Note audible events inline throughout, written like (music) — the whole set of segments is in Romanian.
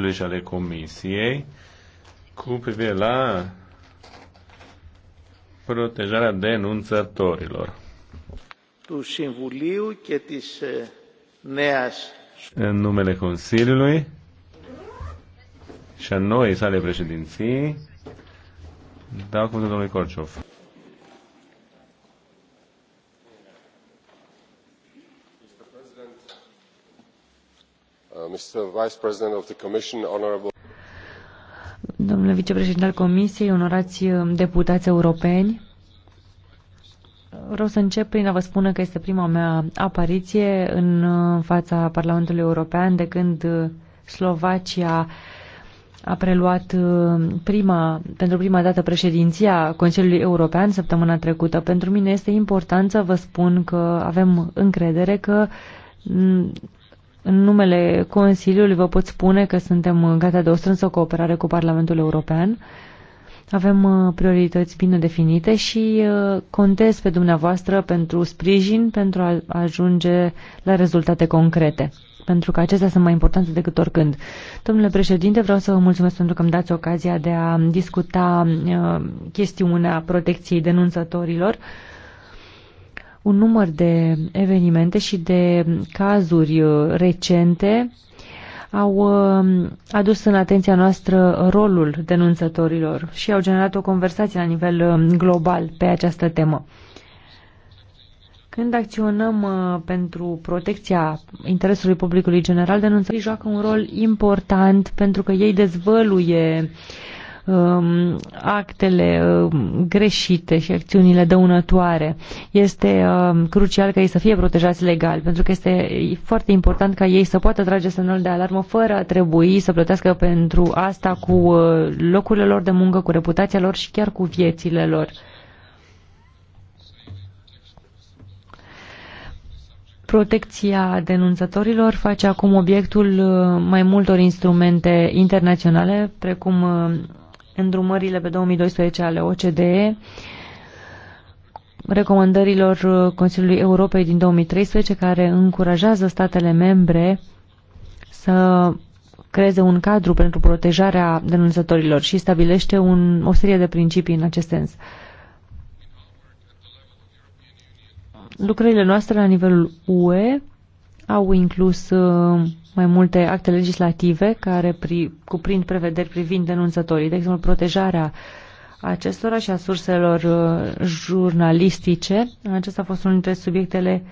Consiliului și ale Comisiei cu privire la protejarea denunțătorilor. Του Συμβουλίου και της Νέας în numele Consiliului și a noi sale președinții, dau cuvântul domnului Corciov. Domnule vicepreședinte al Comisiei, onorați uh, deputați europeni, vreau să încep prin a vă spune că este prima mea apariție în uh, fața Parlamentului European de când uh, Slovacia a preluat prima, pentru prima dată președinția Consiliului European săptămâna trecută. Pentru mine este important să vă spun că avem încredere că în numele Consiliului vă pot spune că suntem gata de o strânsă cooperare cu Parlamentul European. Avem uh, priorități bine definite și uh, contez pe dumneavoastră pentru sprijin, pentru a ajunge la rezultate concrete pentru că acestea sunt mai importante decât oricând. Domnule președinte, vreau să vă mulțumesc pentru că îmi dați ocazia de a discuta uh, chestiunea protecției denunțătorilor un număr de evenimente și de cazuri uh, recente au uh, adus în atenția noastră rolul denunțătorilor și au generat o conversație la nivel uh, global pe această temă. Când acționăm pentru protecția interesului publicului general, denunțătorii joacă un rol important pentru că ei dezvăluie uh, um, actele um, greșite și acțiunile dăunătoare. Este um, crucial ca ei să fie protejați legal, pentru că este foarte important ca ei să poată trage semnul de alarmă fără a trebui să plătească pentru asta cu uh, locurile lor de muncă, cu reputația lor și chiar cu viețile lor. Protecția denunțătorilor face acum obiectul uh, mai multor instrumente internaționale, precum uh, îndrumările pe 2012 ale OCDE, recomandărilor uh, Consiliului Europei din 2013, care încurajează statele membre să creeze un cadru pentru protejarea denunțătorilor și stabilește un, o serie de principii în acest sens. Lucrările noastre la nivelul UE au inclus uh, mai multe acte legislative care pri, cuprind prevederi privind denunțătorii, de exemplu protejarea acestora și a surselor uh, jurnalistice. Acesta a fost unul dintre subiectele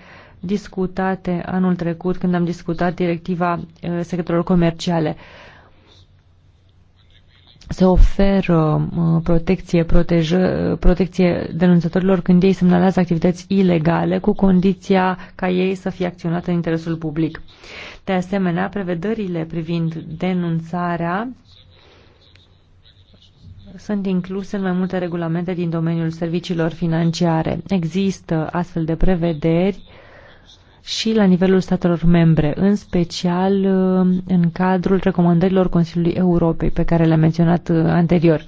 discutate anul trecut când am discutat directiva uh, sectorilor comerciale. Se oferă uh, protecție, protejă, protecție denunțătorilor când ei semnalează activități ilegale cu condiția ca ei să fie acționate în interesul public. De asemenea, prevederile privind denunțarea sunt incluse în mai multe regulamente din domeniul serviciilor financiare. Există astfel de prevederi și la nivelul statelor membre, în special uh, în cadrul recomandărilor Consiliului Europei, pe care le-am menționat uh, anterior.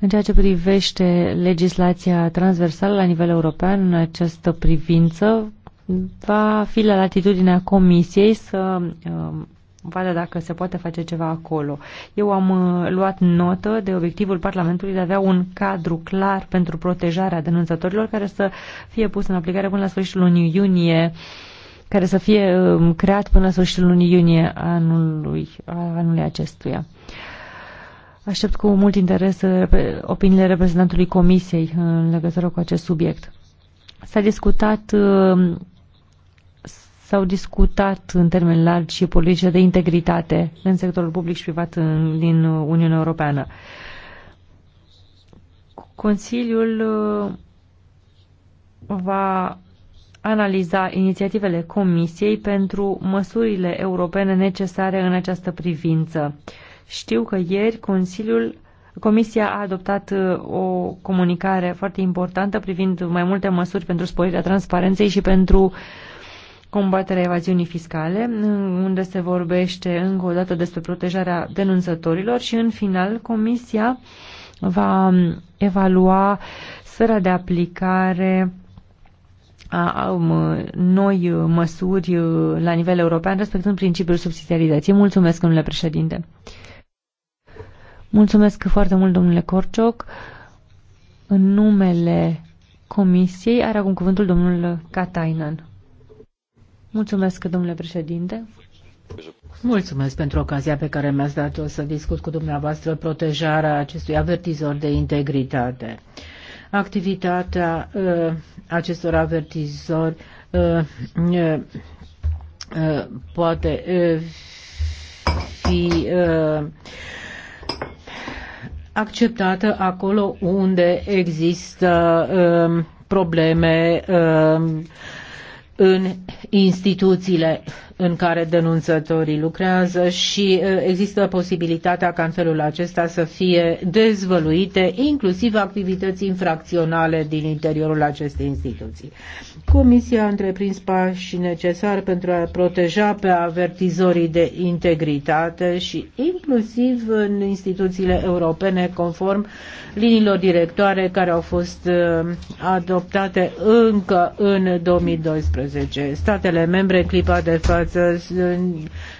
În ceea ce privește legislația transversală la nivel european, în această privință, va fi la latitudinea comisiei să um, vadă dacă se poate face ceva acolo. Eu am uh, luat notă de obiectivul Parlamentului de a avea un cadru clar pentru protejarea denunțătorilor care să fie pus în aplicare până la sfârșitul lunii iunie care să fie um, creat până la sfârșitul lunii iunie anului, anului acestuia. Aștept cu mult interes uh, opiniile reprezentantului Comisiei în legătură cu acest subiect. S-a discutat um, s-au discutat în termeni largi și politice de integritate în sectorul public și privat în, din Uniunea Europeană. Consiliul uh, va analiza inițiativele Comisiei pentru măsurile europene necesare în această privință. Știu că ieri Consiliul Comisia a adoptat uh, o comunicare foarte importantă privind mai multe măsuri pentru sporirea transparenței și pentru uh, combaterea evaziunii fiscale, unde se vorbește încă o dată despre protejarea denunțătorilor și, în final, Comisia va evalua sfera de aplicare a um, noi măsuri la nivel european, respectând principiul subsidiarității. Mulțumesc, domnule președinte. Mulțumesc foarte mult, domnule Corcioc. În numele Comisiei are acum cuvântul domnul Katainen. Mulțumesc, domnule președinte. Mulțumesc pentru ocazia pe care mi-ați dat-o să discut cu dumneavoastră protejarea acestui avertizor de integritate. Activitatea uh, acestor avertizori uh, uh, uh, poate uh, fi uh, acceptată acolo unde există uh, probleme uh, în instituțiile în care denunțătorii lucrează și există posibilitatea ca în felul acesta să fie dezvăluite inclusiv activități infracționale din interiorul acestei instituții. Comisia a întreprins pași necesari pentru a proteja pe avertizorii de integritate și inclusiv în instituțiile europene conform liniilor directoare care au fost adoptate încă în 2012. Statele membre clipa de față țări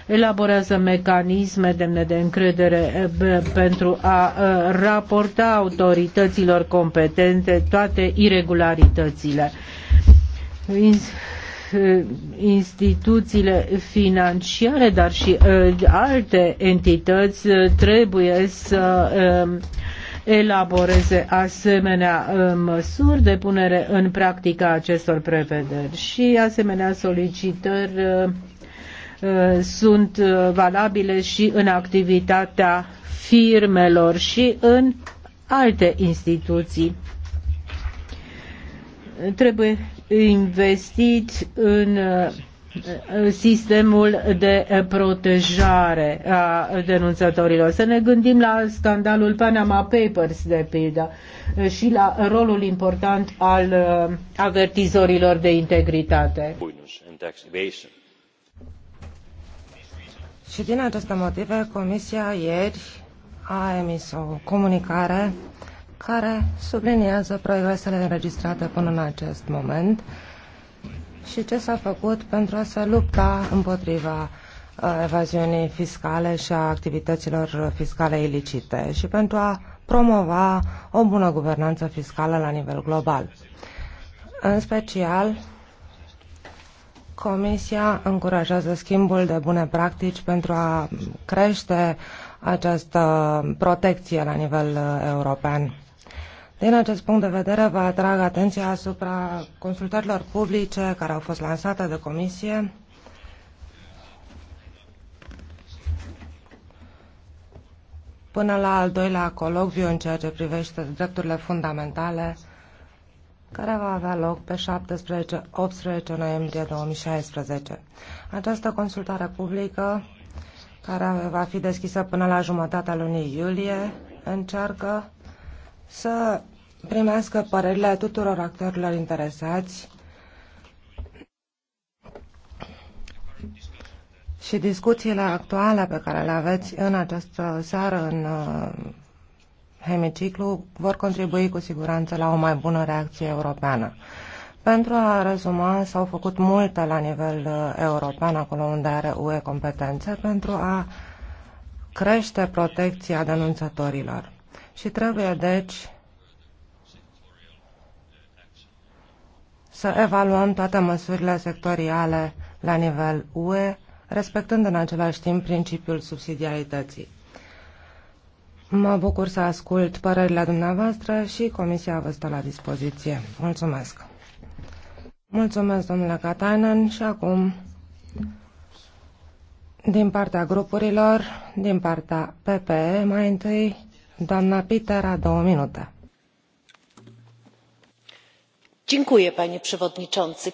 elaborează mecanisme demne de încredere eh, pentru a eh, raporta autorităților competente toate irregularitățile eh, instituțiile financiare, dar și alte entități trebuie să elaboreze asemenea măsuri de punere în practică a acestor prevederi și asemenea solicitări Uh, sunt uh, valabile și în activitatea firmelor și în alte instituții. Trebuie investit în uh, sistemul de protejare a denunțătorilor. Să ne gândim la scandalul Panama Papers, de pildă, și la rolul important al avertizorilor de integritate. Buinus and și din aceste motive, Comisia ieri a emis o comunicare care subliniază progresele înregistrate până în acest moment și ce s-a făcut pentru a se lupta împotriva uh, evaziunii fiscale și a activităților fiscale ilicite și pentru a promova o bună guvernanță fiscală la nivel global. În special, Comisia încurajează schimbul de bune practici pentru a crește această protecție la nivel uh, european. Din acest punct de vedere, vă atrag atenția asupra consultărilor publice care au fost lansate de Comisie până la al doilea colocviu în ceea ce privește drepturile fundamentale care va avea loc pe 17-18 noiembrie 2016. Această consultare publică, care va fi deschisă până la jumătatea lunii iulie, încearcă să primească părerile tuturor actorilor interesați și discuțiile actuale pe care le aveți în această seară în hemiciclu vor contribui cu siguranță la o mai bună reacție europeană. Pentru a rezuma, s-au făcut multe la nivel uh, european, acolo unde are UE competențe, pentru a crește protecția denunțătorilor. Și trebuie, deci, să evaluăm toate măsurile sectoriale la nivel UE, respectând în același timp principiul subsidiarității. Mă bucur să ascult părerile dumneavoastră și Comisia vă stă la dispoziție. Mulțumesc. Mulțumesc, domnule Katainen, și acum din partea grupurilor, din partea PPE, mai întâi doamna Pitera, două minute. Dziękuję, panie przewodniczący.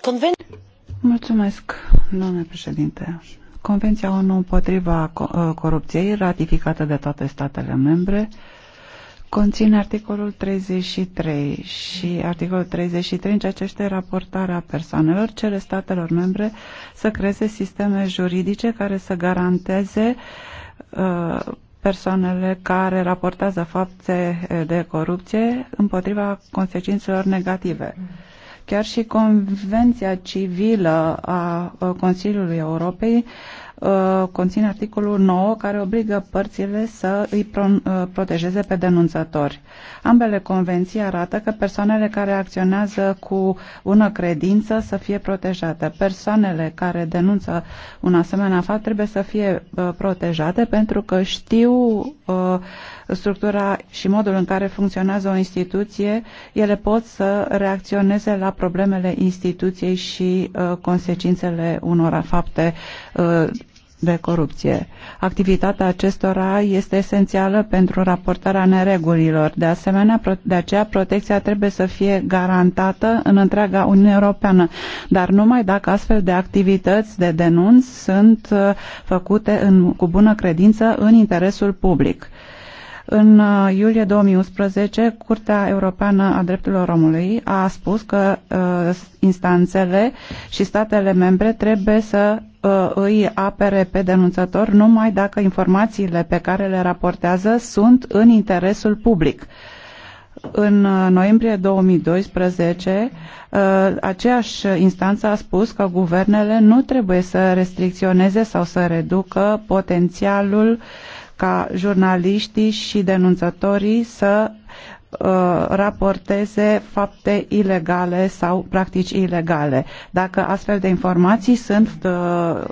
Mulțumesc, domnule președinte. Convenția ONU împotriva uh, corupției, ratificată de toate statele membre, conține articolul 33 și articolul 33 în ceea ce este raportarea persoanelor cere statelor membre să creeze sisteme juridice care să garanteze uh, persoanele care raportează fapte de corupție împotriva consecințelor negative. Mm. Chiar și Convenția Civilă a Consiliului Europei conține articolul 9 care obligă părțile să îi protejeze pe denunțători. Ambele convenții arată că persoanele care acționează cu bună credință să fie protejate. Persoanele care denunță un asemenea fapt trebuie să fie protejate pentru că știu structura și modul în care funcționează o instituție, ele pot să reacționeze la problemele instituției și uh, consecințele unor fapte uh, de corupție. Activitatea acestora este esențială pentru raportarea neregulilor. De asemenea, de aceea protecția trebuie să fie garantată în întreaga Uniune Europeană, dar numai dacă astfel de activități de denunț sunt uh, făcute în, cu bună credință în interesul public. În uh, iulie 2011, Curtea Europeană a Drepturilor Omului a spus că uh, instanțele și statele membre trebuie să uh, îi apere pe denunțător numai dacă informațiile pe care le raportează sunt în interesul public în uh, noiembrie 2012, uh, aceeași instanță a spus că guvernele nu trebuie să restricționeze sau să reducă potențialul ca jurnaliștii și denunțătorii să uh, raporteze fapte ilegale sau practici ilegale. Dacă astfel de informații sunt uh,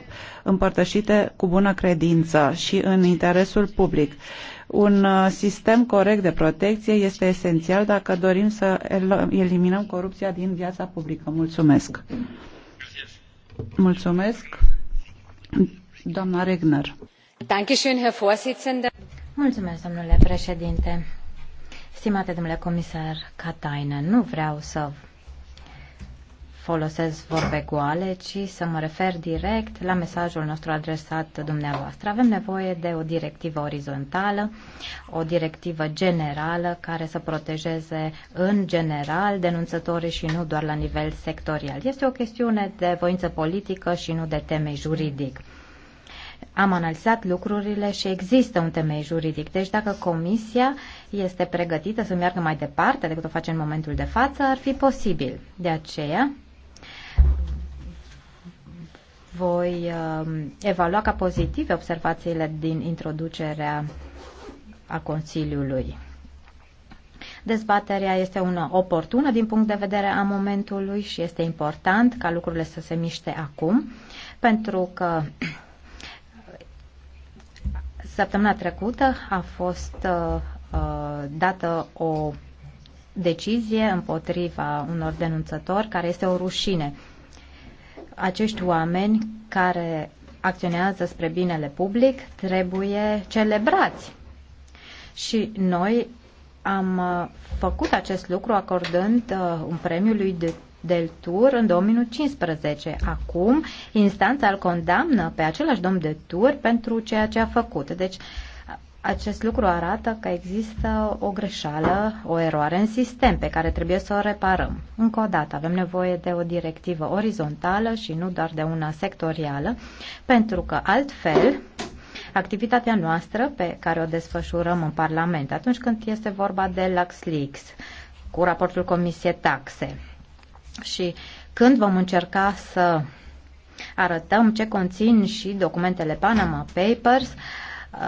împărtășite cu bună credință și în interesul public. Un uh, sistem corect de protecție este esențial dacă dorim să eliminăm corupția din viața publică. Mulțumesc! Mulțumesc, doamna Regner. Mulțumesc, domnule președinte. Stimate domnule comisar Katainen, nu vreau să folosesc vorbe goale, ci să mă refer direct la mesajul nostru adresat dumneavoastră. Avem nevoie de o directivă orizontală, o directivă generală care să protejeze în general denunțătorii și nu doar la nivel sectorial. Este o chestiune de voință politică și nu de teme juridic. Am analizat lucrurile și există un temei juridic. Deci dacă comisia este pregătită să meargă mai departe decât o face în momentul de față, ar fi posibil. De aceea voi um, evalua ca pozitive observațiile din introducerea a Consiliului. Dezbaterea este una oportună din punct de vedere a momentului și este important ca lucrurile să se miște acum, pentru că Săptămâna trecută a fost uh, uh, dată o decizie împotriva unor denunțători care este o rușine. Acești oameni care acționează spre binele public trebuie celebrați. Și noi am uh, făcut acest lucru acordând uh, un premiu lui de del Tur în 2015. Acum, instanța îl condamnă pe același domn de Tur pentru ceea ce a făcut. Deci, acest lucru arată că există o greșeală, o eroare în sistem pe care trebuie să o reparăm. Încă o dată, avem nevoie de o directivă orizontală și nu doar de una sectorială, pentru că altfel activitatea noastră pe care o desfășurăm în Parlament atunci când este vorba de LaxLeaks cu raportul Comisiei Taxe, și când vom încerca să arătăm ce conțin și documentele Panama Papers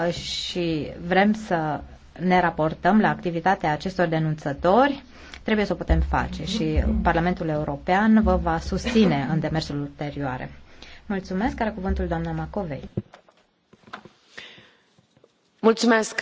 uh, și vrem să ne raportăm la activitatea acestor denunțători, trebuie să o putem face și Parlamentul European vă va susține în demersul ulterioare. Mulțumesc, are cuvântul doamna Macovei. Mulțumesc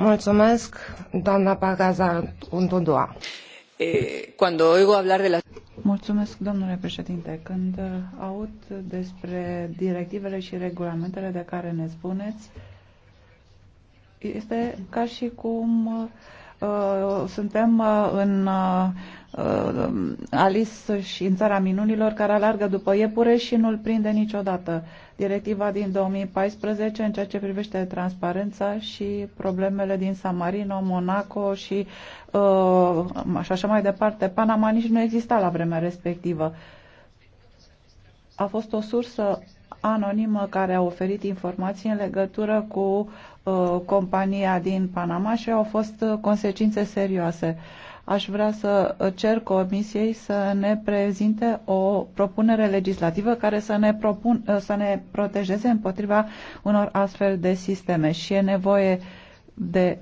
Mulțumesc, doamna Pagaza Untundua. Cuando oigo hablar de la... Mulțumesc, domnule președinte. Când uh, aud despre directivele și regulamentele de care ne spuneți, este ca și cum uh, Uh, suntem uh, în uh, Alice și în Țara Minunilor, care alargă după iepure și nu-l prinde niciodată. Directiva din 2014 în ceea ce privește transparența și problemele din San Marino, Monaco și, uh, și așa mai departe. Panama nici nu exista la vremea respectivă. A fost o sursă anonimă care a oferit informații în legătură cu uh, compania din Panama și au fost uh, consecințe serioase. Aș vrea să cer Comisiei să ne prezinte o propunere legislativă care să ne, propun, uh, să ne protejeze împotriva unor astfel de sisteme și e nevoie de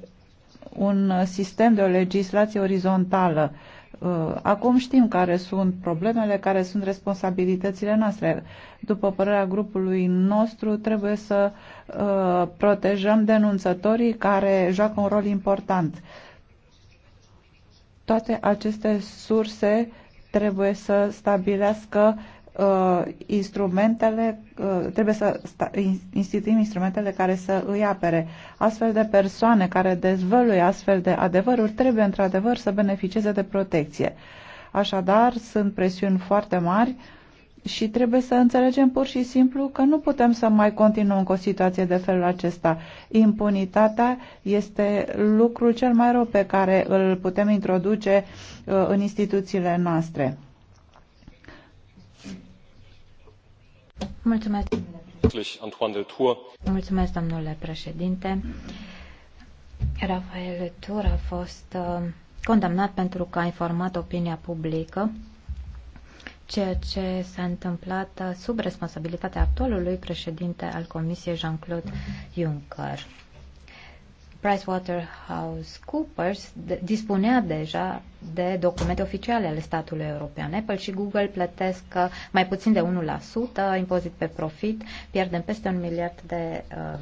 un sistem de o legislație orizontală uh, Uh, acum știm care sunt problemele, care sunt responsabilitățile noastre. După părerea grupului nostru, trebuie să uh, protejăm denunțătorii care joacă un rol important. Toate aceste surse trebuie să stabilească uh, instrumentele, uh, trebuie să sta, instituim instrumentele care să îi apere. Astfel de persoane care dezvăluie astfel de adevăruri trebuie într-adevăr să beneficieze de protecție. Așadar, sunt presiuni foarte mari și trebuie să înțelegem pur și simplu că nu putem să mai continuăm cu o situație de felul acesta. Impunitatea este lucrul cel mai rău pe care îl putem introduce uh, în instituțiile noastre. Mulțumesc. Mulțumesc, domnule președinte. Rafael Tur a fost uh, condamnat pentru că a informat opinia publică ceea ce s-a întâmplat uh, sub responsabilitatea actualului președinte al Comisiei Jean-Claude Juncker. PricewaterhouseCoopers dispunea deja de documente oficiale ale statului european. Apple și Google plătesc uh, mai puțin de 1% impozit pe profit, pierdem peste un miliard de uh,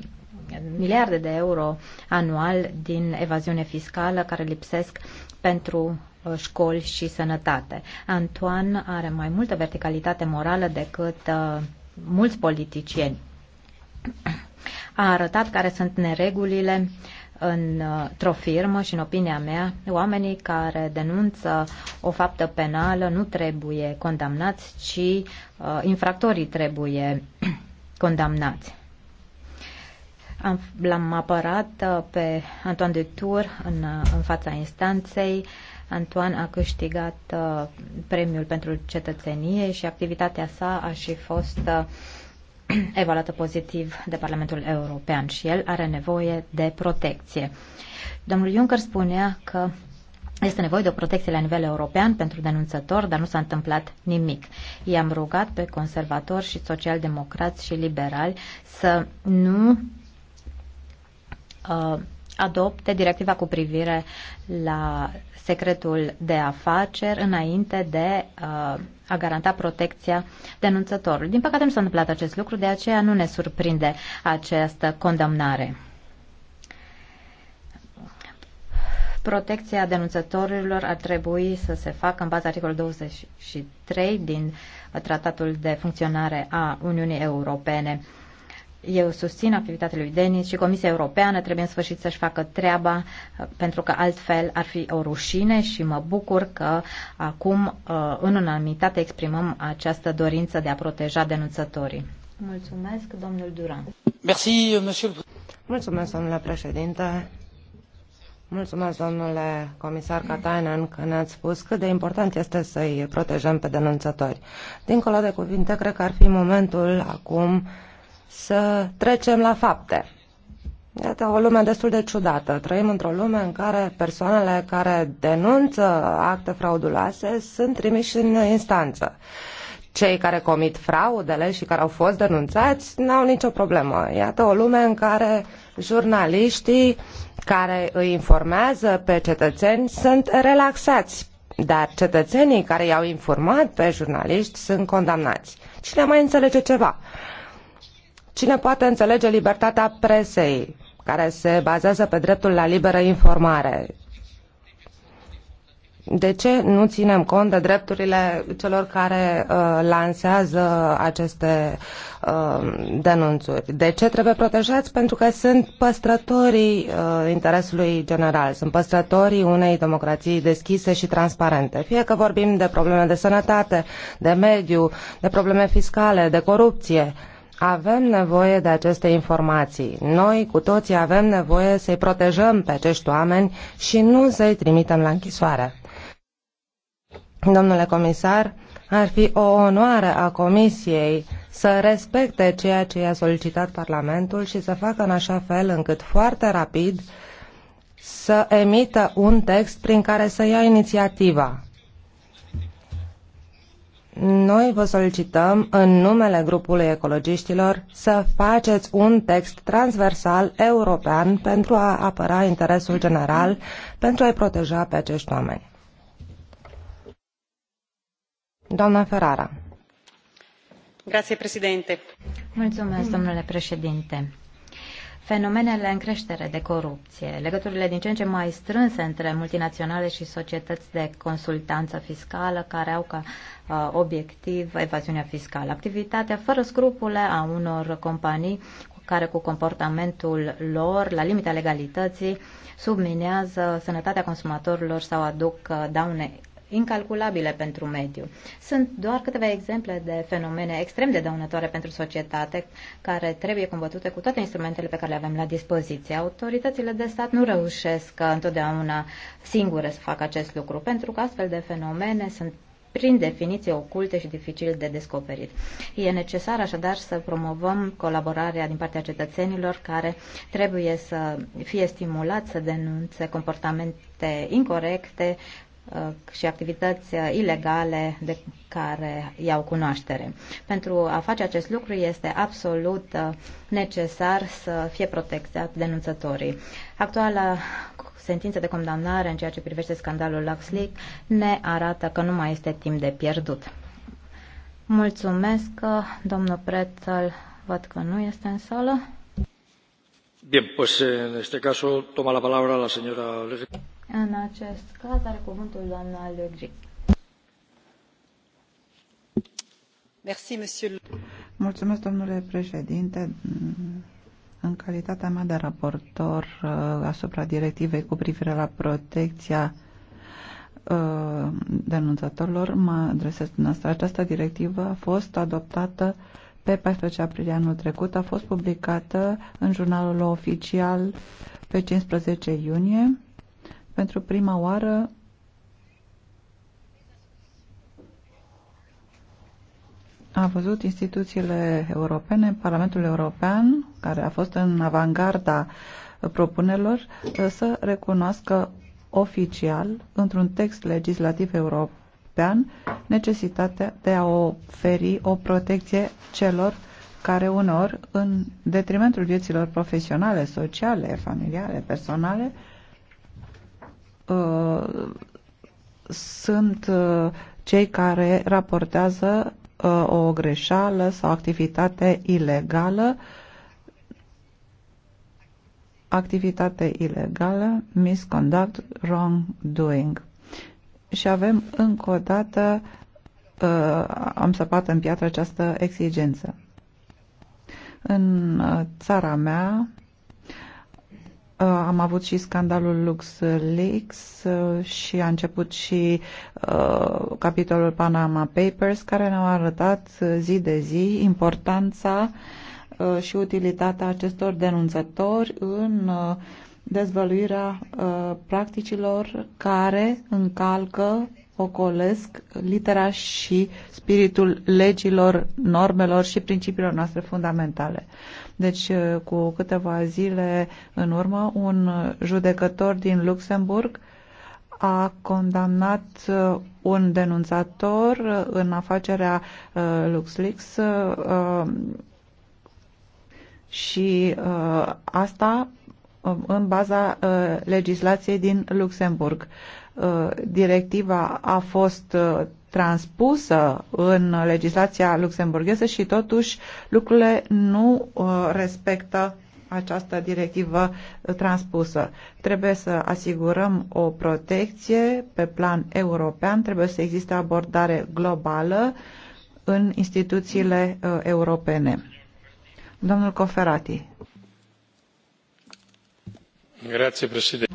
miliarde de euro anual din evaziune fiscală care lipsesc pentru uh, școli și sănătate. Antoine are mai multă verticalitate morală decât uh, mulți politicieni. (clears throat) A arătat care sunt neregulile într-o firmă și, în opinia mea, oamenii care denunță o faptă penală nu trebuie condamnați, ci uh, infractorii trebuie (clears throat) condamnați. Am, l-am apărat uh, pe Antoine de Tour în, uh, în fața instanței. Antoine a câștigat uh, premiul pentru cetățenie și activitatea sa a și fost uh, (clears throat) evaluată pozitiv de Parlamentul European și el are nevoie de protecție. Domnul Juncker spunea că este nevoie de o protecție la nivel european pentru denunțător, dar nu s-a întâmplat nimic. I-am rugat pe conservatori și socialdemocrați și liberali să nu uh, adopte directiva cu privire la secretul de afaceri înainte de uh, a garanta protecția denunțătorului. Din păcate nu s-a întâmplat acest lucru, de aceea nu ne surprinde această condamnare. Protecția denunțătorilor ar trebui să se facă în baza articolului 23 din uh, Tratatul de Funcționare a Uniunii Europene. Eu susțin activitatea lui Denis și Comisia Europeană trebuie în sfârșit să-și facă treaba, pentru că altfel ar fi o rușine și mă bucur că acum uh, în unanimitate exprimăm această dorință de a proteja denunțătorii. Mulțumesc, domnul Duran. Merci, monsieur. Mulțumesc, domnule președinte. Mulțumesc, domnule comisar Katainen, că ne-ați spus cât de important este să-i protejăm pe denunțători. Dincolo de cuvinte, cred că ar fi momentul acum să trecem la fapte. Iată o lume destul de ciudată. Trăim într-o lume în care persoanele care denunță acte frauduloase sunt trimiși în instanță. Cei care comit fraudele și care au fost denunțați n-au nicio problemă. Iată o lume în care jurnaliștii care îi informează pe cetățeni sunt relaxați, dar cetățenii care i-au informat pe jurnaliști sunt condamnați. Cine mai înțelege ceva? Cine poate înțelege libertatea presei, care se bazează pe dreptul la liberă informare? De ce nu ținem cont de drepturile celor care uh, lansează aceste uh, denunțuri? De ce trebuie protejați? Pentru că sunt păstrătorii uh, interesului general, sunt păstrătorii unei democrații deschise și transparente. Fie că vorbim de probleme de sănătate, de mediu, de probleme fiscale, de corupție. Uh, avem nevoie de aceste informații. Noi cu toții avem nevoie să-i protejăm pe acești oameni și nu să-i trimitem la închisoare. Domnule comisar, ar fi o onoare a Comisiei să respecte ceea ce i-a solicitat Parlamentul și să facă în așa fel încât foarte rapid să emită un text prin care să ia inițiativa noi vă solicităm, în numele grupului ecologiștilor, să faceți un text transversal european pentru a apăra interesul general, pentru a-i proteja pe acești oameni. Doamna Ferrara. Grazie, Mulțumesc, domnule președinte fenomenele în creștere de corupție, legăturile din ce în ce mai strânse între multinaționale și societăți de consultanță fiscală care au ca uh, obiectiv evaziunea fiscală, activitatea fără scrupule a unor companii care cu comportamentul lor, la limita legalității, subminează sănătatea consumatorilor sau aduc uh, daune incalculabile pentru mediu. Sunt doar câteva exemple de fenomene extrem de dăunătoare pentru societate care trebuie combătute cu toate instrumentele pe care le avem la dispoziție. Autoritățile de stat nu reușesc întotdeauna singure să facă acest lucru pentru că astfel de fenomene sunt prin definiție oculte și dificil de descoperit. E necesar așadar să promovăm colaborarea din partea cetățenilor care trebuie să fie stimulați să denunțe comportamente incorrecte Uh, și activități ilegale de care iau cunoaștere. Pentru a face acest lucru este absolut uh, necesar să fie protejat denunțătorii. Actuala sentință de condamnare în ceea ce privește scandalul LuxLeak ne arată că nu mai este timp de pierdut. Mulțumesc, uh, domnul Prețel, văd că nu este în sală. Bine, pues în este caso toma la palabra la señora în acest caz are cuvântul doamna Le Mulțumesc, domnule președinte. În calitatea mea de raportor uh, asupra directivei cu privire la protecția uh, denunțătorilor, mă adresez dumneavoastră. Această directivă a fost adoptată pe 14 aprilie anul trecut, a fost publicată în jurnalul oficial pe 15 iunie pentru prima oară a văzut instituțiile europene, Parlamentul European, care a fost în avangarda propunerilor, să recunoască oficial, într-un text legislativ european, necesitatea de a oferi o protecție celor care uneori, în detrimentul vieților profesionale, sociale, familiale, personale, Uh, sunt uh, cei care raportează uh, o greșeală sau activitate ilegală activitate ilegală, misconduct, wrongdoing. Și avem încă o dată, uh, am săpat în piatră această exigență. În țara mea, Uh, am avut și scandalul LuxLeaks uh, și a început și uh, capitolul Panama Papers care ne-au arătat uh, zi de zi importanța uh, și utilitatea acestor denunțători în uh, dezvăluirea practicilor care încalcă ocolesc litera și spiritul legilor, normelor și principiilor noastre fundamentale. Deci, uh, cu câteva zile în urmă, un judecător din Luxemburg a condamnat uh, un denunțator în afacerea uh, LuxLeaks și asta în baza legislației din Luxemburg. Directiva a fost transpusă în legislația luxemburgheză și totuși lucrurile nu uh, respectă această directivă transpusă. Trebuie să asigurăm o protecție pe plan european, trebuie să existe abordare globală în instituțiile uh, europene. Domnul Coferati. Grazie, președinte.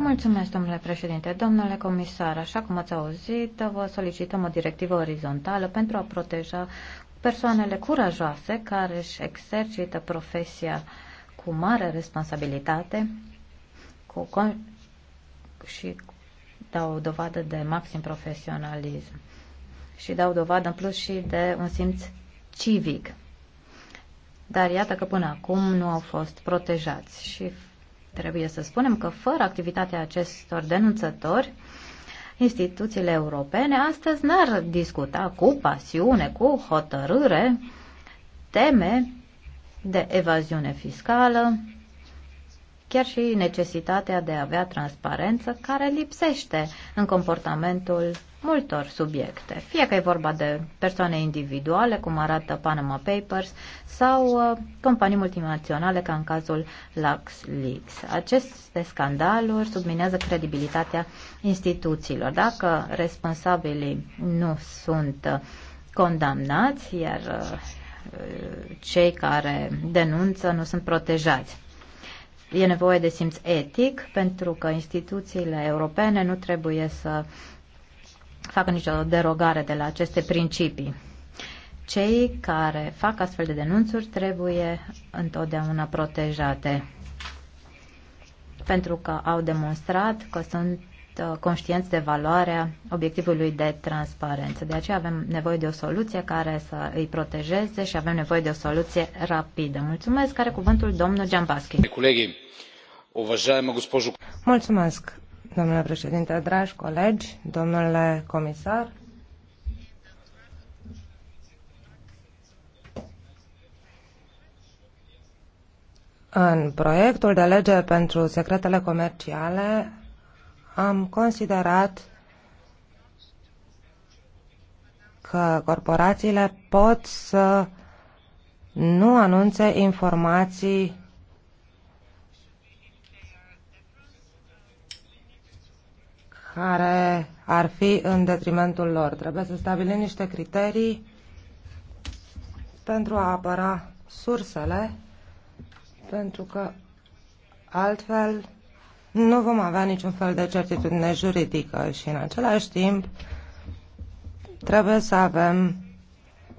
Mulțumesc, domnule președinte. Domnule comisar, așa cum ați auzit, vă solicităm o directivă orizontală pentru a proteja persoanele curajoase care își exercită profesia cu mare responsabilitate cu con- și dau dovadă de maxim profesionalism și dau dovadă în plus și de un simț civic. Dar iată că până acum nu au fost protejați și Trebuie să spunem că fără activitatea acestor denunțători, instituțiile europene astăzi n-ar discuta cu pasiune, cu hotărâre, teme de evaziune fiscală, chiar și necesitatea de a avea transparență care lipsește în comportamentul multor subiecte, fie că e vorba de persoane individuale, cum arată Panama Papers, sau uh, companii multinaționale, ca în cazul LuxLeaks. Aceste scandaluri subminează credibilitatea instituțiilor. Dacă responsabilii nu sunt uh, condamnați, iar uh, cei care denunță nu sunt protejați. E nevoie de simț etic pentru că instituțiile europene nu trebuie să facă nicio derogare de la aceste principii. Cei care fac astfel de denunțuri trebuie întotdeauna protejate pentru că au demonstrat că sunt uh, conștienți de valoarea obiectivului de transparență. De aceea avem nevoie de o soluție care să îi protejeze și avem nevoie de o soluție rapidă. Mulțumesc. Care cuvântul domnul Giambaschi. Mulțumesc. Domnule președinte, dragi colegi, domnule comisar, în proiectul de lege pentru secretele comerciale am considerat că corporațiile pot să nu anunțe informații care ar fi în detrimentul lor. Trebuie să stabilim niște criterii pentru a apăra sursele, pentru că altfel nu vom avea niciun fel de certitudine juridică și în același timp trebuie să avem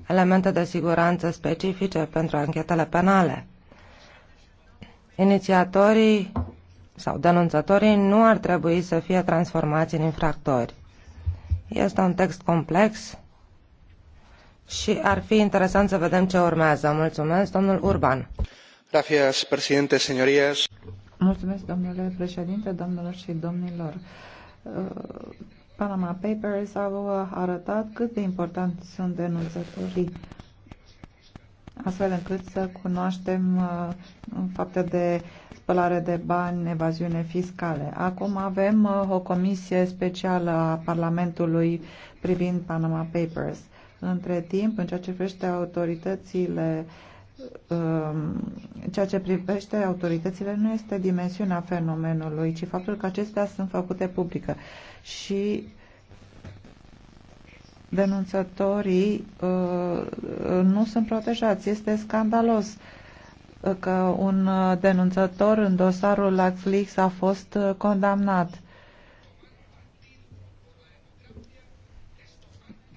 elemente de siguranță specifice pentru anchetele penale. Inițiatorii sau denunțătorii nu ar trebui să fie transformați în infractori. Este un text complex și ar fi interesant să vedem ce urmează. Mulțumesc, domnul Urban. Gracias, presidente, señorías. Mulțumesc, domnule președinte, domnilor și domnilor. Uh, Panama Papers au arătat cât de important sunt denunțătorii, astfel încât să cunoaștem uh, fapte de spălare de bani, evaziune fiscale. Acum avem uh, o comisie specială a Parlamentului privind Panama Papers. Între timp, în ceea ce privește autoritățile um, ceea ce privește autoritățile nu este dimensiunea fenomenului, ci faptul că acestea sunt făcute publică. Și denunțătorii uh, nu sunt protejați. Este scandalos. Uh, că un uh, denunțător în dosarul Netflix a fost uh, condamnat.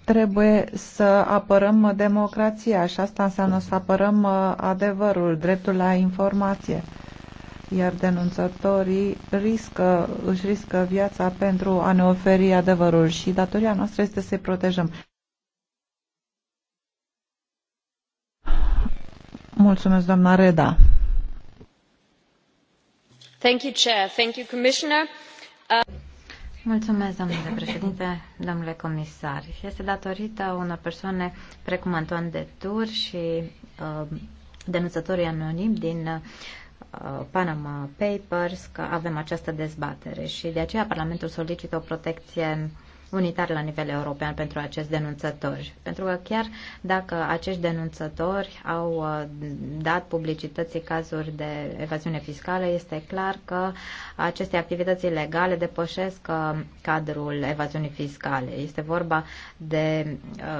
Trebuie să apărăm democrația și asta înseamnă să apărăm uh, adevărul, dreptul la informație. Iar denunțătorii riscă, își riscă viața pentru a ne oferi adevărul și datoria noastră este să-i protejăm. Mulțumesc, doamna Reda. Thank you, Chair. Thank you, Commissioner. Uh, Mulțumesc, domnule președinte, domnule comisar. Este datorită unor persoane precum Antoine de Tur și uh, denunțătorii anonimi din uh, Panama Papers că avem această dezbatere și de aceea Parlamentul solicită o protecție unitar la nivel european pentru acest denunțători. Pentru că chiar dacă acești denunțători au uh, dat publicității cazuri de evaziune fiscală, este clar că aceste activități ilegale depășesc uh, cadrul evaziunii fiscale. Este vorba de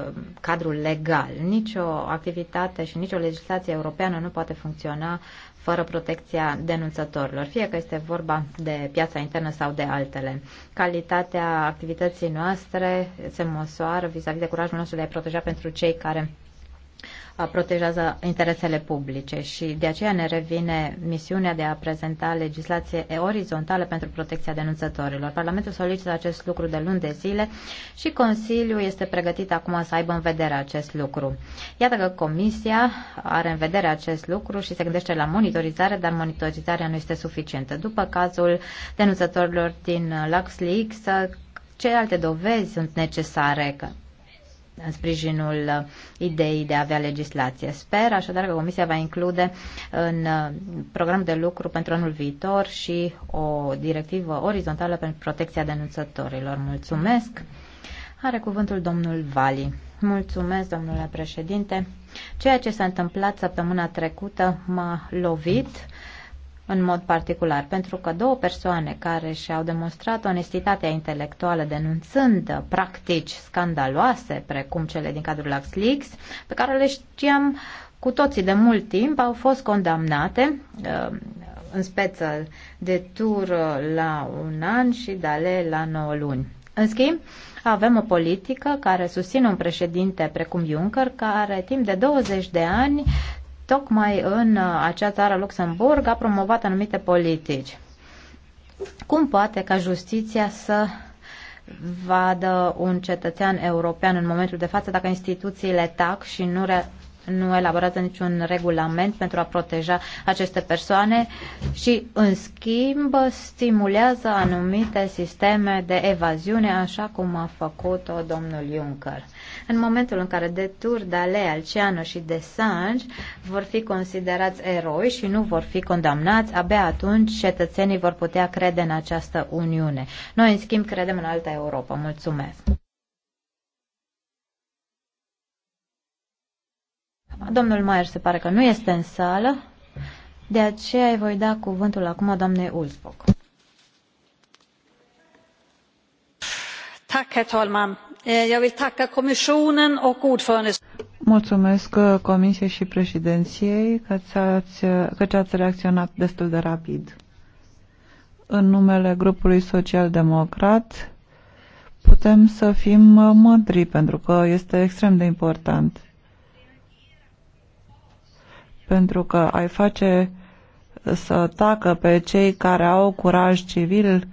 uh, cadrul legal. Nicio activitate și nicio legislație europeană nu poate funcționa fără protecția denunțătorilor, fie că este vorba de piața internă sau de altele. Calitatea activității noastre noastre se măsoară vis-a-vis de curajul nostru de a proteja pentru cei care protejează interesele publice și de aceea ne revine misiunea de a prezenta legislație orizontală pentru protecția denunțătorilor. Parlamentul solicită acest lucru de luni de zile și Consiliul este pregătit acum să aibă în vedere acest lucru. Iată că Comisia are în vedere acest lucru și se gândește la monitorizare, dar monitorizarea nu este suficientă. După cazul denunțătorilor din LuxLeaks, ce alte dovezi sunt necesare că în sprijinul ideii de a avea legislație. Sper așadar că Comisia va include în uh, program de lucru pentru anul viitor și o directivă orizontală pentru protecția denunțătorilor. Mulțumesc! Are cuvântul domnul Vali. Mulțumesc, domnule președinte. Ceea ce s-a întâmplat săptămâna trecută m-a lovit în mod particular, pentru că două persoane care și-au demonstrat onestitatea intelectuală denunțând uh, practici scandaloase, precum cele din cadrul LuxLeaks, pe care le știam cu toții de mult timp, au fost condamnate uh, în speță de tur uh, la un an și ale la 9 luni. În schimb, avem o politică care susține un președinte precum Juncker, care timp de 20 de ani tocmai în uh, acea țară Luxemburg a promovat anumite politici. Cum poate ca justiția să vadă un cetățean european în momentul de față dacă instituțiile tac și nu, re- nu elaborează niciun regulament pentru a proteja aceste persoane și, în schimb, stimulează anumite sisteme de evaziune, așa cum a făcut-o domnul Juncker în momentul în care de Tur, Dale, Alceanu și de Sange vor fi considerați eroi și nu vor fi condamnați, abia atunci cetățenii vor putea crede în această Uniune. Noi, în schimb, credem în alta Europa. Mulțumesc! Domnul Maier se pare că nu este în sală, de aceea îi voi da cuvântul acum doamnei Ulsbock. herr eh, Mulțumesc eh, Comisiei și președinției că eh, că ați reacționat destul de rapid. În numele grupului social-democrat putem să fim mândri pentru că este extrem de important. Pentru că ai face să tacă pe cei care au curaj civil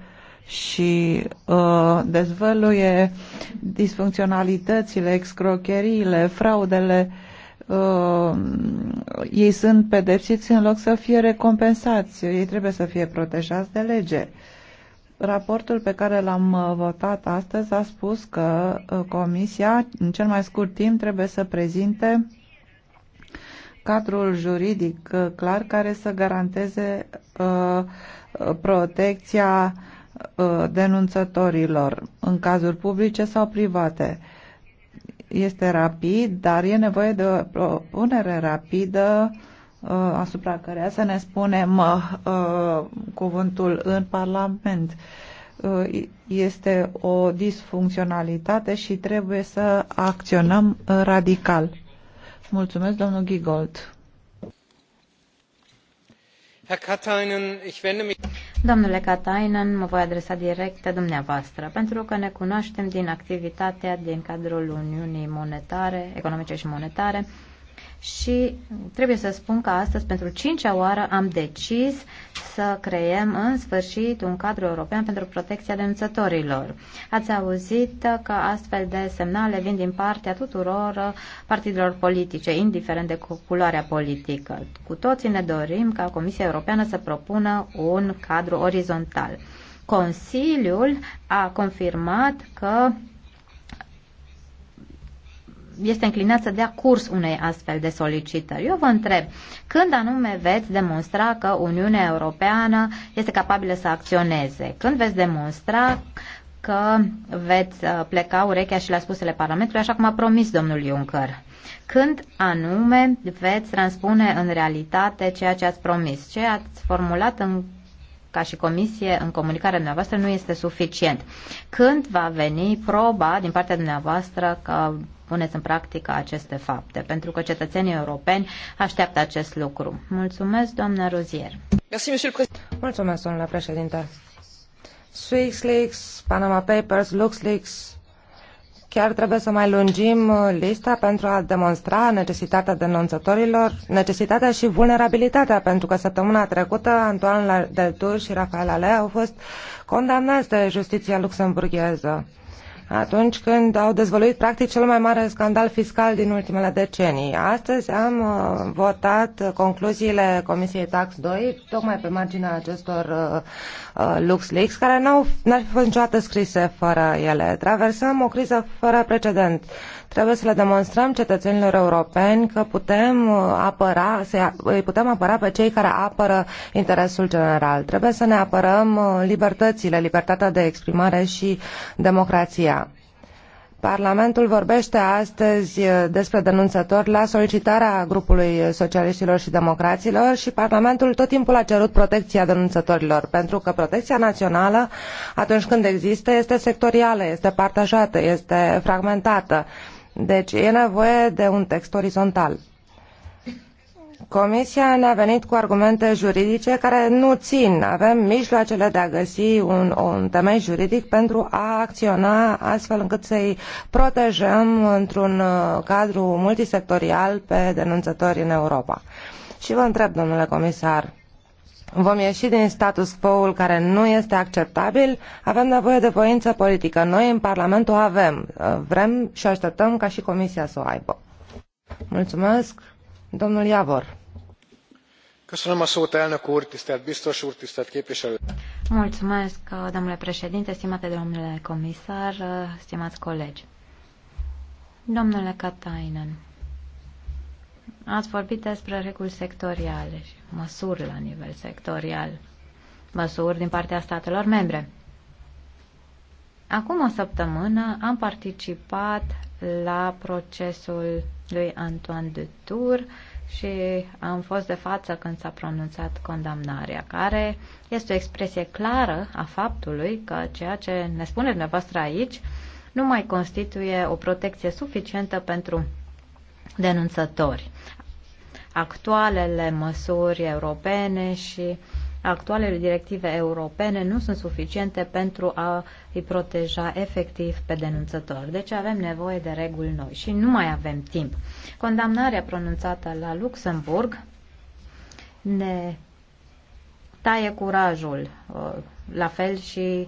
și uh, dezvăluie disfuncționalitățile, excrocheriile, fraudele, uh, ei sunt pedepsiți în loc să fie recompensați. Ei trebuie să fie protejați de lege. Raportul pe care l-am uh, votat astăzi a spus că uh, Comisia, în cel mai scurt timp, trebuie să prezinte cadrul juridic uh, clar care să garanteze uh, protecția uh, Uh, denunțătorilor în cazuri publice sau private. Este rapid, dar e nevoie de o propunere rapidă uh, asupra căreia să ne spunem uh, cuvântul în Parlament. Este o disfuncționalitate și trebuie să acționăm radical. Mulțumesc, domnul Gigold. Domnule Katainen, mă voi adresa direct dumneavoastră, pentru că ne cunoaștem din activitatea din cadrul Uniunii Monetare, Economice și Monetare, și trebuie să spun că astăzi, pentru cincea oară, am decis să creăm în sfârșit un cadru european pentru protecția denunțătorilor. Ați auzit că astfel de semnale vin din partea tuturor partidelor politice, indiferent de culoarea politică. Cu toții ne dorim ca Comisia Europeană să propună un cadru orizontal. Consiliul a confirmat că este înclinat să dea curs unei astfel de solicitări. Eu vă întreb, când anume veți demonstra că Uniunea Europeană este capabilă să acționeze? Când veți demonstra că veți uh, pleca urechea și la spusele Parlamentului, așa cum a promis domnul Juncker? Când anume veți transpune în realitate ceea ce ați promis? Ce ați formulat în ca și comisie în comunicarea dumneavoastră nu este suficient. Când va veni proba din partea dumneavoastră că puneți în practică aceste fapte, pentru că cetățenii europeni așteaptă acest lucru. Mulțumesc, doamna Rozier. Mulțumesc, domnule președinte. SwissLeaks, Panama Papers, LuxLeaks, chiar trebuie să mai lungim lista pentru a demonstra necesitatea denunțătorilor, necesitatea și vulnerabilitatea, pentru că săptămâna trecută Antoine Deltour și Rafael Alea au fost condamnați de justiția luxemburgheză atunci când au dezvăluit practic cel mai mare scandal fiscal din ultimele decenii. Astăzi am uh, votat concluziile Comisiei Tax 2 tocmai pe marginea acestor uh, uh LuxLeaks care n n-ar fi fost niciodată scrise fără ele. Traversăm o criză fără precedent. Uh, Trebuie să le demonstrăm cetățenilor europeni că putem uh, apăra, să îi putem apăra pe cei care apără interesul general. Trebuie să ne apărăm uh, libertățile, libertatea de exprimare și democrația. Parlamentul vorbește astăzi uh, despre denunțători la solicitarea grupului socialiștilor și democraților și Parlamentul tot timpul a cerut protecția denunțătorilor, pentru că protecția națională, atunci când există, este sectorială, este partajată, este fragmentată. Deci e nevoie de un text orizontal. Comisia ne-a venit cu argumente juridice care nu țin. Avem mijloacele de a găsi un, un temei juridic pentru a acționa astfel încât să-i protejăm într-un uh, cadru multisectorial pe denunțători în Europa. Și vă întreb, domnule comisar, vom ieși din status quo-ul care nu este acceptabil, avem nevoie de voință politică. Noi în Parlament o avem. Uh, vrem și așteptăm ca și Comisia să o aibă. Mulțumesc. Domnul Iavor. Mulțumesc, uh, domnule președinte, stimate domnule comisar, uh, stimați colegi. Domnule Katainen, Ați vorbit despre reguli sectoriale și măsuri la nivel sectorial, măsuri din partea statelor membre. Acum o săptămână am participat la procesul lui Antoine de Tour și am fost de față când s-a pronunțat condamnarea, care este o expresie clară a faptului că ceea ce ne spune dumneavoastră aici nu mai constituie o protecție suficientă pentru denunțători. Actualele măsuri europene și actualele directive europene nu sunt suficiente pentru a îi proteja efectiv pe denunțători. Deci avem nevoie de reguli noi și nu mai avem timp. Condamnarea pronunțată la Luxemburg ne taie curajul, uh, la fel și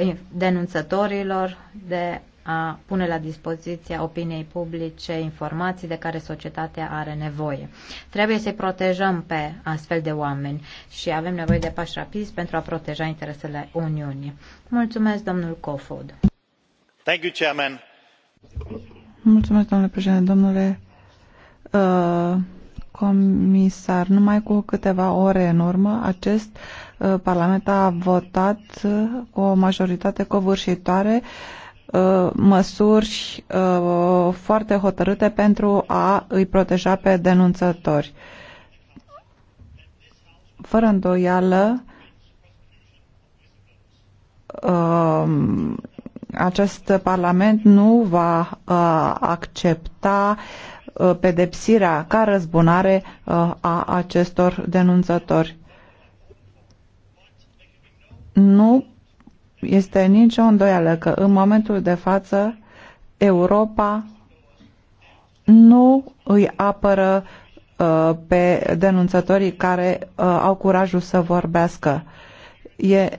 uh, denunțătorilor de a pune la dispoziția opiniei publice informații de care societatea are nevoie. Trebuie să-i protejăm pe astfel de oameni și avem nevoie de pași rapizi pentru a proteja interesele Uniunii. Mulțumesc, domnul Cofod. Thank you, Chairman. Mulțumesc, domnule președinte. Domnule uh, comisar, numai cu câteva ore în urmă, acest uh, Parlament a votat uh, cu o majoritate covârșitoare uh, Uh, măsuri uh, foarte hotărâte pentru a îi proteja pe denunțători. Fără îndoială, um, acest Parlament nu va uh, accepta pedepsirea ca răzbunare a acestor denunțători. Nu este nicio îndoială că în momentul de față Europa nu îi apără uh, pe denunțătorii care uh, au curajul să vorbească. E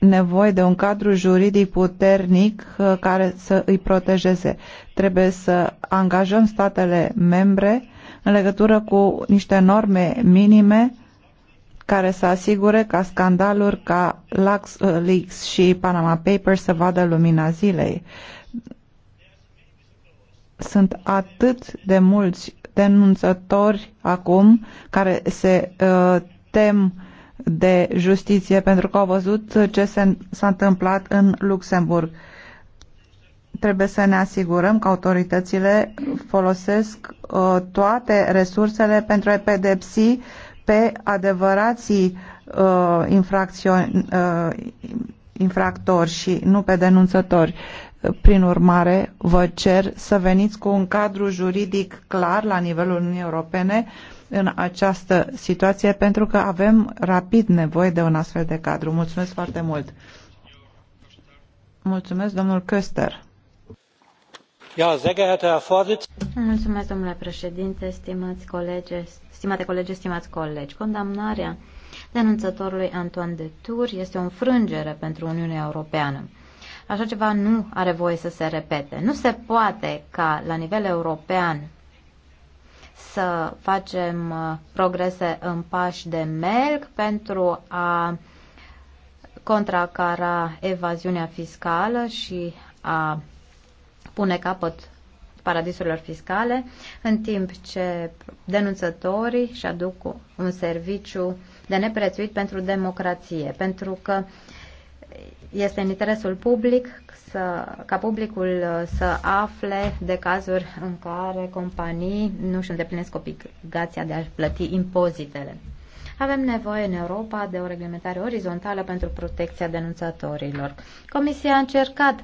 nevoie de un cadru juridic puternic uh, care să îi protejeze. Trebuie să angajăm statele membre în legătură cu niște norme minime care să asigure ca scandaluri ca LuxLeaks uh, și Panama Papers să vadă lumina zilei. Sunt atât de mulți denunțători acum care se uh, tem de justiție pentru că au văzut ce s-a întâmplat în Luxemburg. Trebuie să ne asigurăm că autoritățile folosesc uh, toate resursele pentru a pedepsi pe adevărații uh, infracțion, uh, infractori și nu pe denunțători. Prin urmare, vă cer să veniți cu un cadru juridic clar la nivelul Uniunii Europene în această situație, pentru că avem rapid nevoie de un astfel de cadru. Mulțumesc foarte mult! Mulțumesc, domnul Köster! Mulțumesc, domnule președinte, stimați colegi, stimate colegi, stimați colegi, condamnarea denunțătorului Antoine de Tour este o înfrângere pentru Uniunea Europeană. Așa ceva nu are voie să se repete. Nu se poate ca la nivel european să facem uh, progrese în pași de melc pentru a contracara evaziunea fiscală și a pune capăt paradisurilor fiscale, în timp ce denunțătorii și aduc un serviciu de neprețuit pentru democrație, pentru că este în interesul public să, ca publicul să afle de cazuri în care companii nu își îndeplinesc obligația de a plăti impozitele. Avem nevoie în Europa de o reglementare orizontală pentru protecția denunțătorilor. Comisia a încercat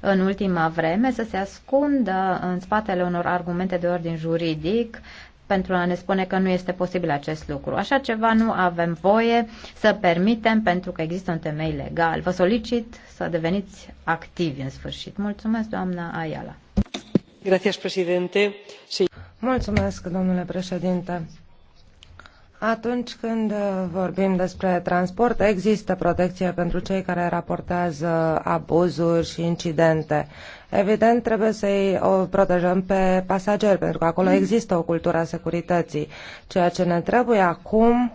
în ultima vreme să se ascundă în spatele unor argumente de ordin juridic pentru a ne spune că nu este posibil acest lucru. Așa ceva nu avem voie să permitem pentru că există un temei legal. Vă solicit să deveniți activi în sfârșit. Mulțumesc, doamna Ayala. Gracias, presidente. Sí. Mulțumesc, domnule președinte atunci când uh, vorbim despre transport, există protecție pentru cei care raportează abuzuri și incidente. Evident, trebuie să-i protejăm pe pasageri, pentru că acolo mm. există o cultură a securității. Ceea ce ne trebuie acum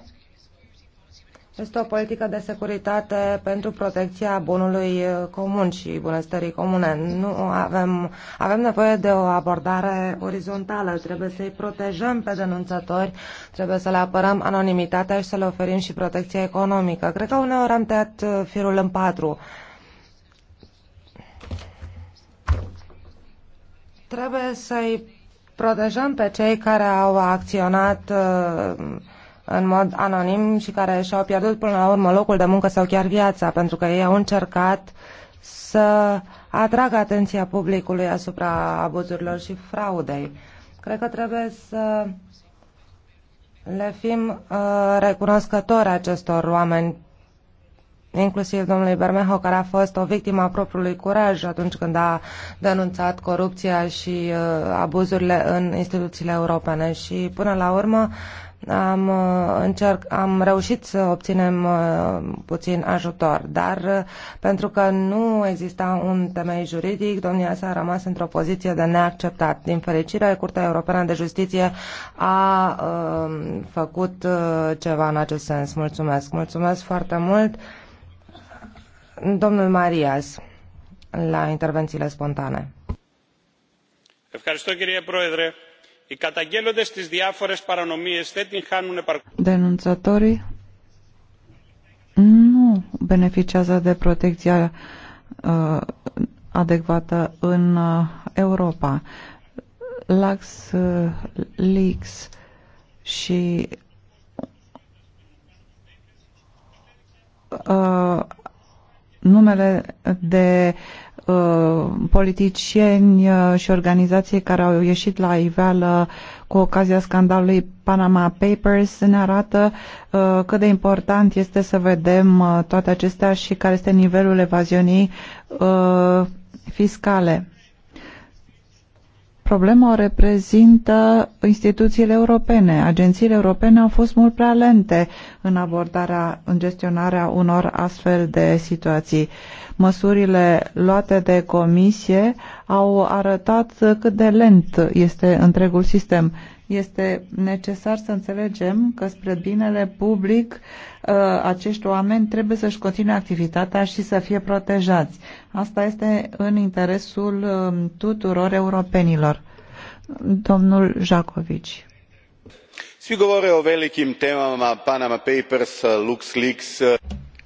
este o politică de securitate pentru protecția bunului uh, comun și bunăstării comune. Nu avem, avem nevoie de o abordare orizontală. Trebuie să-i protejăm pe denunțători, trebuie să le apărăm anonimitatea și să le oferim și protecție economică. Cred că uneori am tăiat uh, firul în patru. Trebuie să-i protejăm pe cei care au acționat uh, în mod anonim și care și-au pierdut până la urmă locul de muncă sau chiar viața, pentru că ei au încercat să atragă atenția publicului asupra abuzurilor și fraudei. Cred că trebuie să le fim uh, recunoscători acestor oameni, inclusiv domnului Bermejo, care a fost o victimă a propriului curaj atunci când a denunțat corupția și uh, abuzurile în instituțiile europene. Și până la urmă am, uh, încerc, am reușit să obținem uh, puțin ajutor, dar uh, pentru că nu exista un temei juridic, domnia sa a rămas într-o poziție de neacceptat. Din fericire, Curtea Europeană de Justiție a, a um, făcut ceva în acest sens. Mulțumesc. Mulțumesc foarte mult. Domnul Marias, la intervențiile spontane. Πρόεδρε. Denunțătorii nu beneficiază de protecția uh, adecvată în uh, Europa. Lax uh, Leaks și numele de Uh, politicieni uh, și organizații care au ieșit la iveală cu ocazia scandalului Panama Papers ne arată uh, cât de important este să vedem toate acestea și care este nivelul evaziunii fiscale. Problema o reprezintă instituțiile europene. Agențiile europene au fost mult prea lente în abordarea, în gestionarea unor astfel de situații. Uh, Măsurile luate de comisie au arătat cât de lent este întregul sistem. Este necesar să înțelegem că spre binele public uh, acești oameni trebuie să-și continue activitatea și să fie protejați. Asta este în interesul um, tuturor europenilor. Domnul Jacovici svi govore o velikim temama panama papers luxleaks.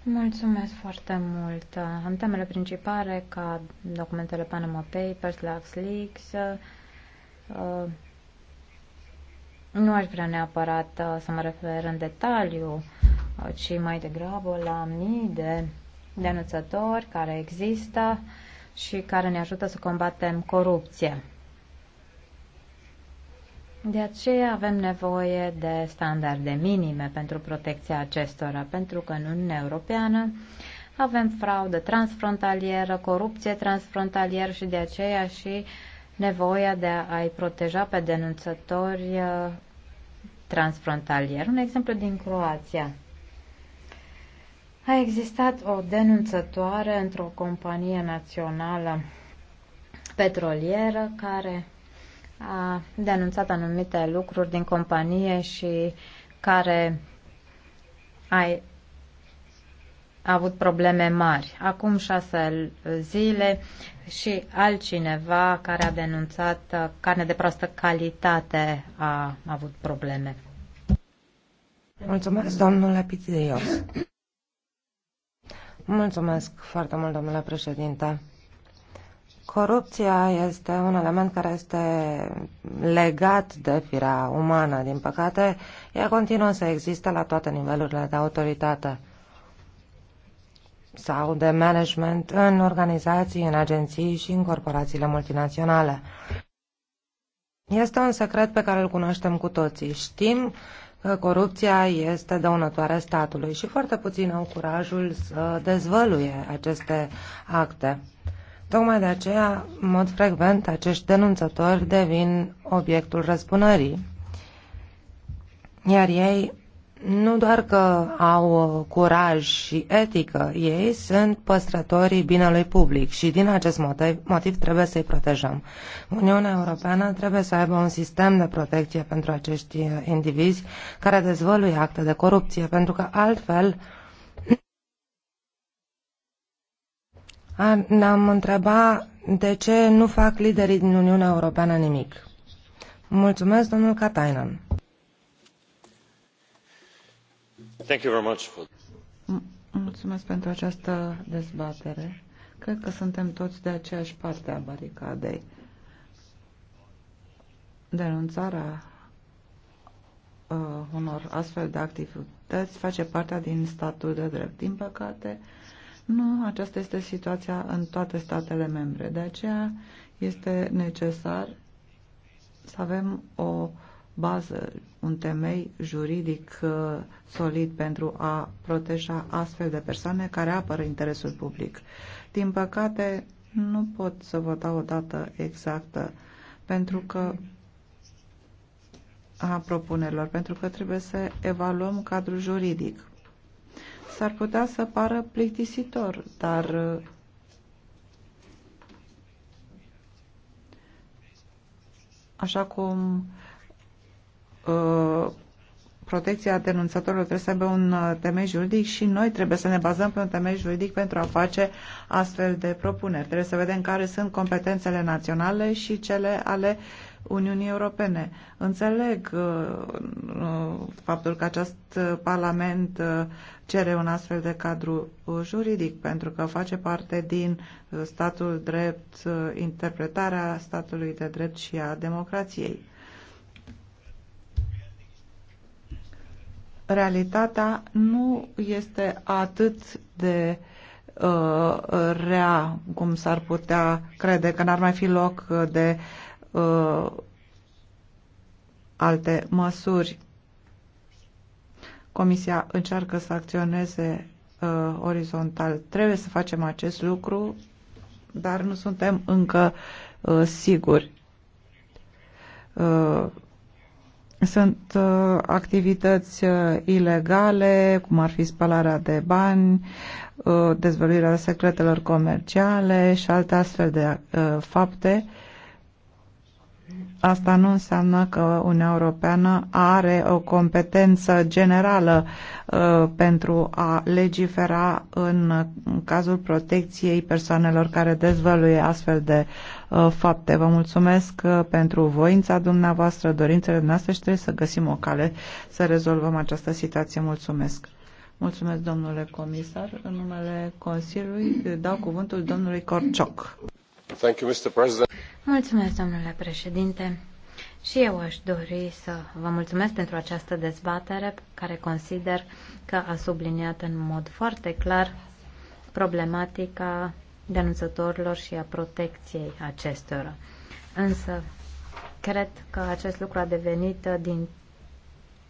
Mulțumesc foarte mult. În temele principale, ca documentele Panama Papers, LuxLeaks, uh, nu aș vrea neapărat uh, să mă refer în detaliu, uh, ci mai degrabă la mii de denunțători care există și care ne ajută să combatem corupție. De aceea avem nevoie de standarde minime pentru protecția acestora, pentru că în Uniunea Europeană avem fraudă transfrontalieră, corupție transfrontalieră și de aceea și nevoia de a-i proteja pe denunțători uh, transfrontalier. Un exemplu din Croația. A existat o denunțătoare într-o companie națională petrolieră care a denunțat anumite lucruri din companie și care ai a avut probleme mari. Acum șase zile și altcineva care a denunțat carne de proastă calitate a avut probleme. Mulțumesc, domnule Pizzeios. Mulțumesc foarte mult, domnule președinte. Corupția este un element care este legat de firea umană. Din păcate, ea continuă să existe la toate nivelurile de autoritate sau de management în organizații, în agenții și în corporațiile multinaționale. Este un secret pe care îl cunoaștem cu toții. Știm că corupția este dăunătoare statului și foarte puțin au curajul să dezvăluie aceste acte. Tocmai de aceea, în mod frecvent, acești denunțători devin obiectul răzbunării, iar ei nu doar că au curaj și etică, ei sunt păstrătorii binelui public și din acest motiv, motiv trebuie să-i protejăm. Uniunea Europeană trebuie să aibă un sistem de protecție pentru acești indivizi care dezvăluie acte de corupție, pentru că altfel uh, ne-am întrebat de ce nu fac liderii din Uniunea Europeană nimic. Mulțumesc, domnul Katainen. Thank you very much for... Mulțumesc pentru această dezbatere. Cred că suntem toți de aceeași parte a baricadei. Denunțarea uh, unor astfel de activități face partea din statul de drept. Din păcate, uh, nu, aceasta este situația în toate statele membre. De aceea este necesar să avem o bază, un temei juridic uh, solid pentru a proteja astfel de persoane care apără interesul public. Din păcate, nu pot să vă dau o dată exactă, pentru că a propunerilor, pentru că trebuie să evaluăm cadrul juridic. S-ar putea să pară plictisitor, dar uh, așa cum uh, protecția denunțătorilor trebuie să aibă un uh, temei juridic și noi trebuie să ne bazăm pe un temei juridic pentru a face astfel de propuneri. Trebuie să vedem care sunt competențele naționale și cele ale uh, Uniunii Europene. Înțeleg uh, uh, faptul că acest Parlament uh, cere un astfel de cadru juridic pentru că face parte din statul drept, interpretarea statului de drept și a democrației. Realitatea nu este atât de uh, rea, cum s-ar putea crede că n-ar mai fi loc de uh, alte măsuri. Comisia încearcă să acționeze uh, orizontal. Trebuie să facem acest lucru, dar nu suntem încă uh, siguri. Uh, sunt uh, activități uh, ilegale, cum ar fi spălarea de bani, uh, dezvăluirea secretelor comerciale și alte astfel de uh, fapte uh, Asta nu înseamnă că Uniunea Europeană are o competență generală uh, pentru a legifera în, cazul protecției persoanelor care dezvăluie astfel de uh, fapte. Vă mulțumesc uh, pentru voința dumneavoastră, dorințele noastre și trebuie să găsim o cale să rezolvăm această situație. Mulțumesc! Mulțumesc, domnule comisar. În numele Consiliului dau cuvântul domnului Corcioc. Thank you, Mr. President. Mulțumesc, domnule președinte. Și eu aș dori să vă mulțumesc pentru această dezbatere care consider că a subliniat în mod foarte clar problematica denunțătorilor și a protecției acestora. Însă, cred că acest lucru a devenit din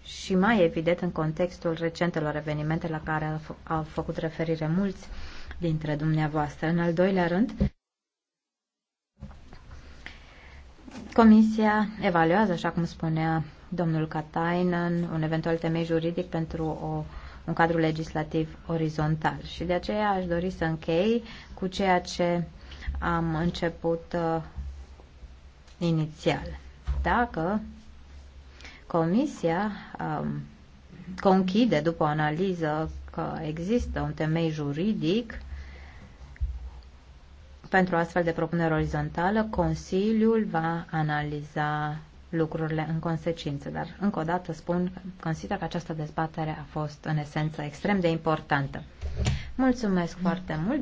și mai evident în contextul recentelor evenimente la care au făcut referire mulți dintre dumneavoastră. În al doilea rând, Comisia evaluează, așa cum spunea domnul Katainen, un eventual temei juridic pentru o, un cadru legislativ orizontal. Și de aceea aș dori să închei cu ceea ce am început uh, inițial. Dacă Comisia um, conchide după analiză că există un temei juridic, pentru o astfel de propunere orizontală, Consiliul va analiza lucrurile în consecință. Dar, încă o dată, spun, consider că această dezbatere a fost, în esență, extrem de importantă. Mulțumesc foarte mult!